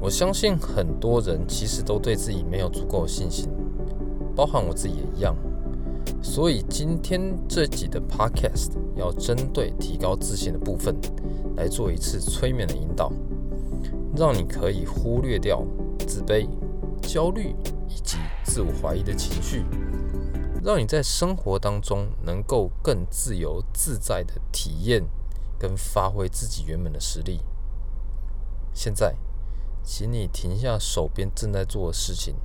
我相信很多人其實都對自己沒有足夠的信心，包含我自己也一樣。所以今天這集的 Podcast 要針對提高自信的部分來做一次催眠的引導，讓你可以忽略掉自卑、焦慮以及自我懷疑的情緒，讓你在生活當中能夠更自由自在的體驗跟發揮自己原本的實力。現在，請你停下手邊正在做的事情，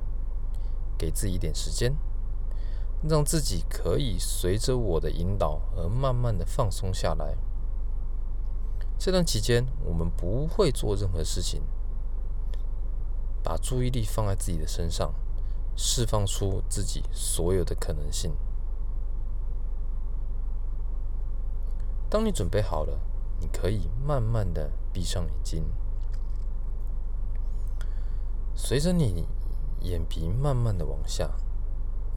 給自己一點時間，讓自己可以隨着我的引導而慢慢的放鬆下來。這段期間，我們不會做任何事情，把注意力放在自己的身上，釋放出自己所有的可能性。當你準備好了，你可以慢慢的閉上眼睛。隨着你眼皮慢慢的往下，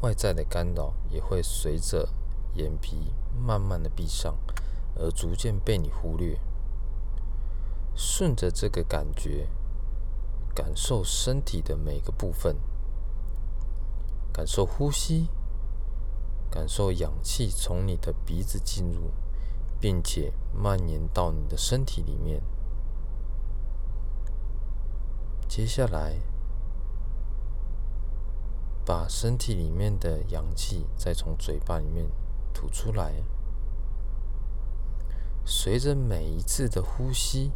外在的干擾也會隨着眼皮慢慢的閉上，而逐漸被你忽略。順着這個感覺，感受身體的每個部分，感受呼吸，感受氧氣從你的鼻子進入，並且蔓延到你的身體裡面。接下來，把身體裡面的氧氣再從嘴巴裡面吐出來。隨着每一次的呼吸，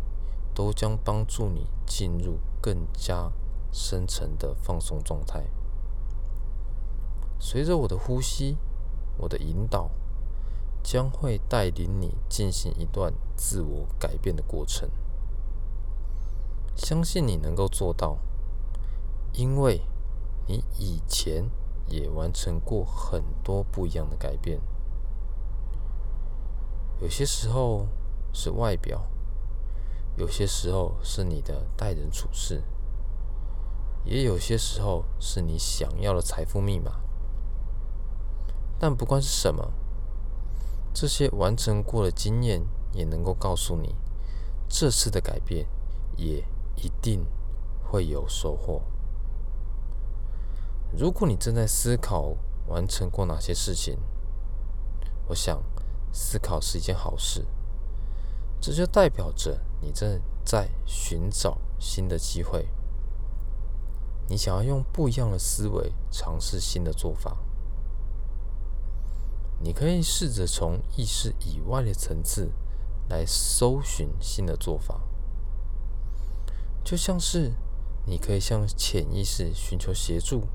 都將幫助你進入更加深層的放鬆狀態。隨着我的呼吸，我的引導，將會帶領你進行一段自我改變的過程。相信你能夠做到，因為你以前也完成過很多不一樣的改變。有些時候是外表，有些時候是你的待人處事，也有些時候是你想要的財富密碼。但不管是什麼，這些完成過的經驗也能夠告訴你，這次的改變也。一定會有收穫。如果你正在思考完成過哪些事情，我想思考是一件好事。這就代表着你正在尋找新的機會。你想要用不一樣的思維嘗試新的做法。你可以試着從意識以外的層次來搜尋新的做法。就像是你可以向潛意識尋求協助，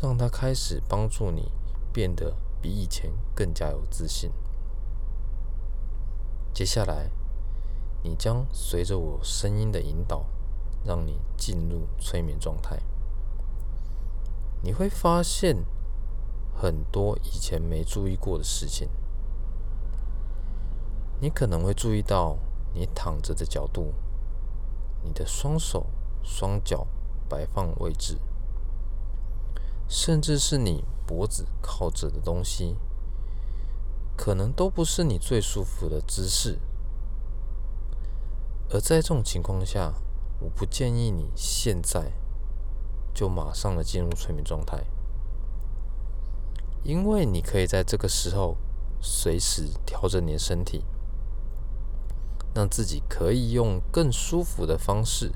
讓它開始幫助你變得比以前更加有自信。接下來，你將隨着我聲音的引導，讓你進入催眠狀態。你會發現很多以前沒注意過的事情。你可能會注意到你躺着的角度。你的雙手、雙腳擺放位置，甚至是你脖子靠着的東西，可能都不是你最舒服的姿勢。而在這種情況下，我不建議你現在就馬上的進入催眠狀態，因為你可以在這個時候隨時調整你的身體。讓自己可以用更舒服的方式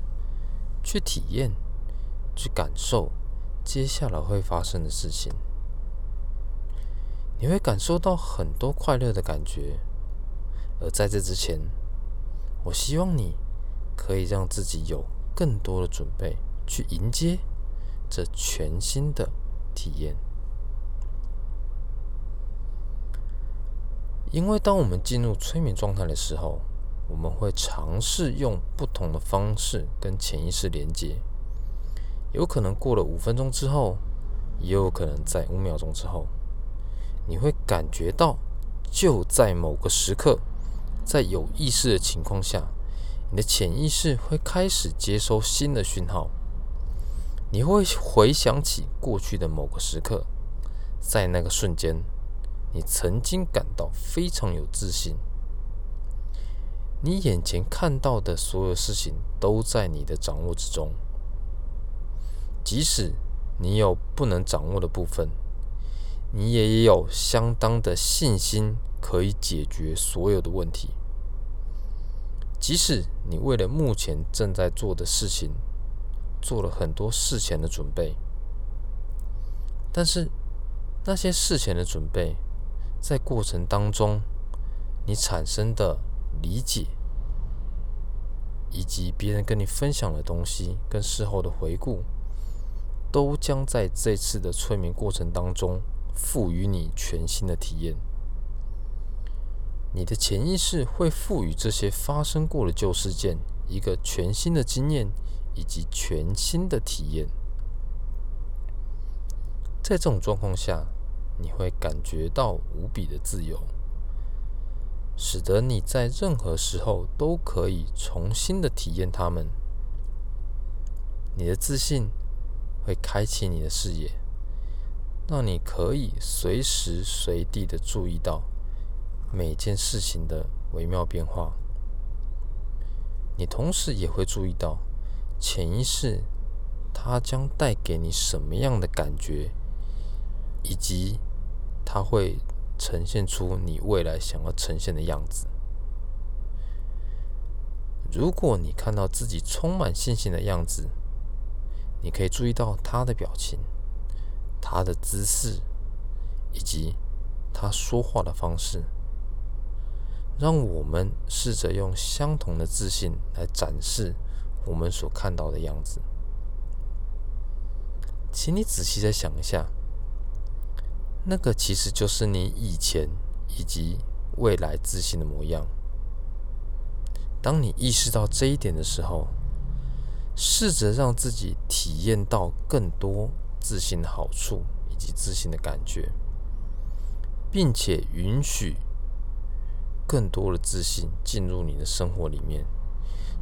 去體驗，去感受接下來會發生的事情。你會感受到很多快樂的感覺。而在這之前，我希望你可以讓自己有更多的準備去迎接這全新的體驗。因為當我們進入催眠狀態的時候，我們會嘗試用不同的方式跟潛意識連接，有可能過了五分鐘之後，也有可能在五秒鐘之後，你會感覺到就在某個時刻，在有意識的情況下，你的潛意識會開始接收新的訊號，你會回想起過去的某個時刻，在那個瞬間，你曾經感到非常有自信。你眼前看到的所有事情都在你的掌握之中，即使你有不能掌握的部分，你也有相當的信心可以解決所有的問題。即使你為了目前正在做的事情做了很多事前的準備，但是那些事前的準備在過程當中你產生的理解。以及別人跟你分享的東西，跟事後的回顧，都將在這次的催眠過程當中賦予你全新的體驗。你的潛意識會賦予這些發生過的舊事件一個全新的經驗，以及全新的體驗。在這種狀況下，你會感覺到無比的自由。使得你在任何時候都可以重新的體驗它們。你的自信會開啟你的視野，讓你可以隨時隨地的注意到每件事情的微妙變化。你同時也會注意到潛意識，它將帶給你什麼樣的感覺，以及它會呈現出你未來想要呈現的樣子。如果你看到自己充滿信心的樣子，你可以注意到他的表情、他的姿勢以及他說話的方式。讓我們試着用相同的自信來展示我們所看到的樣子。請你仔細地想一下。那個其實就是你以前以及未來自信的模樣。當你意識到這一點的時候，試着讓自己體驗到更多自信的好處以及自信的感覺，並且允許更多的自信進入你的生活裡面，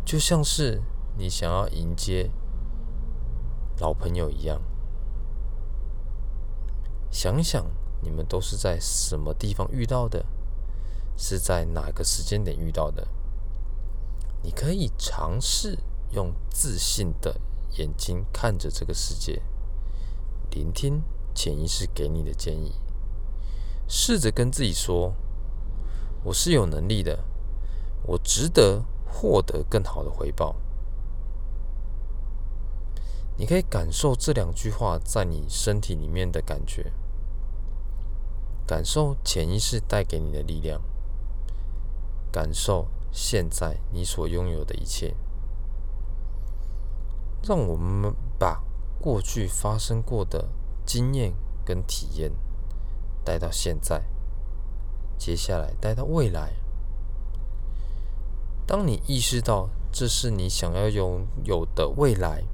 就像是你想要迎接老朋友一樣。想想你們都是在什麼地方遇到的，是在哪個時間點遇到的？你可以嘗試用自信的眼睛看着這個世界，聆聽潛意識給你的建議，試着跟自己說：“我是有能力的，我值得獲得更好的回報。”你可以感受這兩句話在你身體裡面的感覺。感受潛意識帶給你的力量，感受現在你所擁有的一切。讓我們把過去發生過的經驗跟體驗帶到現在，接下來帶到未來。當你意識到這是你想要擁有的未來，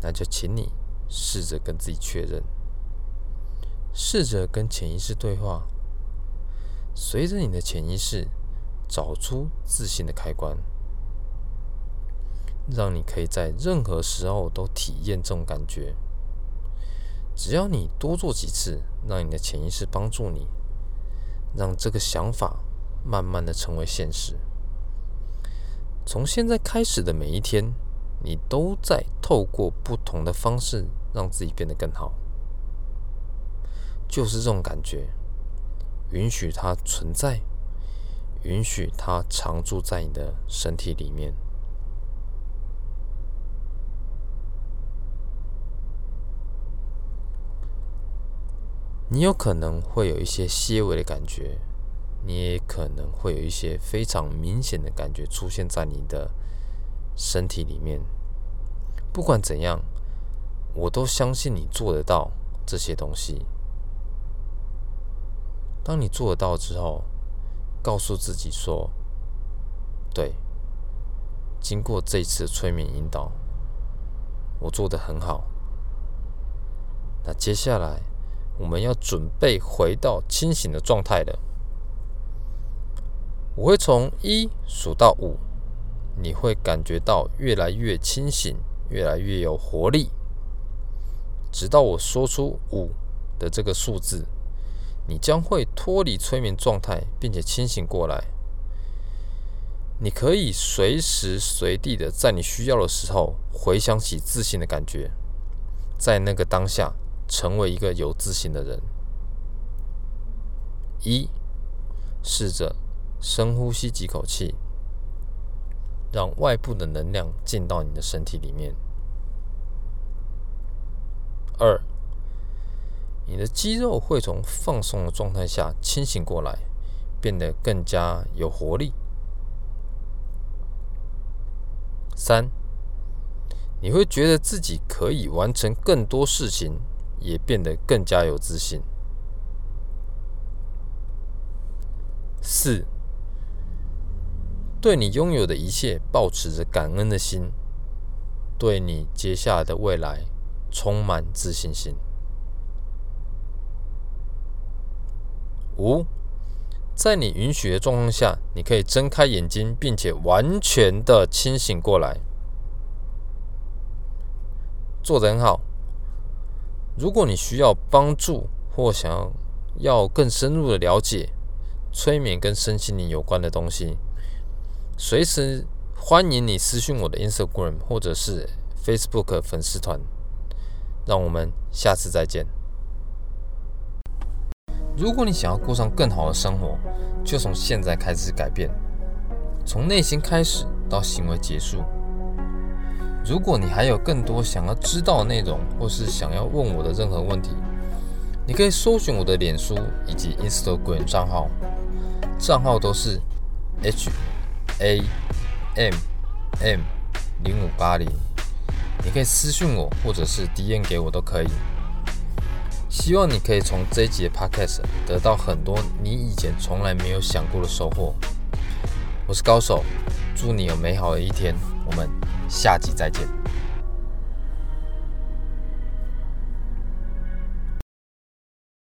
那就請你試着跟自己確認。試着跟潛意識對話，隨着你的潛意識找出自信的開關，讓你可以在任何時候都體驗這種感覺。只要你多做幾次，讓你的潛意識幫助你，讓這個想法慢慢的成為現實。從現在開始的每一天，你都在透過不同的方式讓自己變得更好。就是這種感覺，允許它存在，允許它常駐在你的身體裡面。你有可能會有一些些微的感覺，你也可能會有一些非常明顯的感覺出現在你的身體裡面。不管怎樣，我都相信你做得到這些東西。當你做得到之後，告訴自己說：“對，經過這一次催眠引導，我做得很好。”那接下來我們要準備回到清醒的狀態了。我會從一數到五，你會感覺到越來越清醒，越來越有活力，直到我說出五的這個數字。你將會脫離催眠狀態，並且清醒過來。你可以隨時隨地的在你需要的時候回想起自信的感覺，在那個當下成為一個有自信的人。一，試着深呼吸幾口氣，讓外部的能量進到你的身體裡面。二、你的肌肉會從放鬆的狀態下清醒過來，變得更加有活力。三，你會覺得自己可以完成更多事情，也變得更加有自信。四，對你擁有的一切抱持着感恩的心，對你接下來的未來充滿自信心。五，在你允許的狀況下，你可以睜開眼睛，並且完全的清醒過來，做得很好。如果你需要幫助或想要更深入的了解催眠跟身心靈有關的東西，隨時歡迎你私訊我的 Instagram 或者是 Facebook 粉絲團。讓我們下次再見。如果你想要過上更好的生活，就從現在開始改變，從內心開始到行為結束。如果你還有更多想要知道的內容，或是想要問我的任何問題，你可以搜尋我的臉書以及 Instagram 賬號，賬號都是 H A M M 零五八零，你可以私訊我，或者是 DM 給我都可以。希望你可以從這一集的 Podcast 得到很多你以前從來沒有想過的收穫。我是高手，祝你有美好的一天，我們下集再見。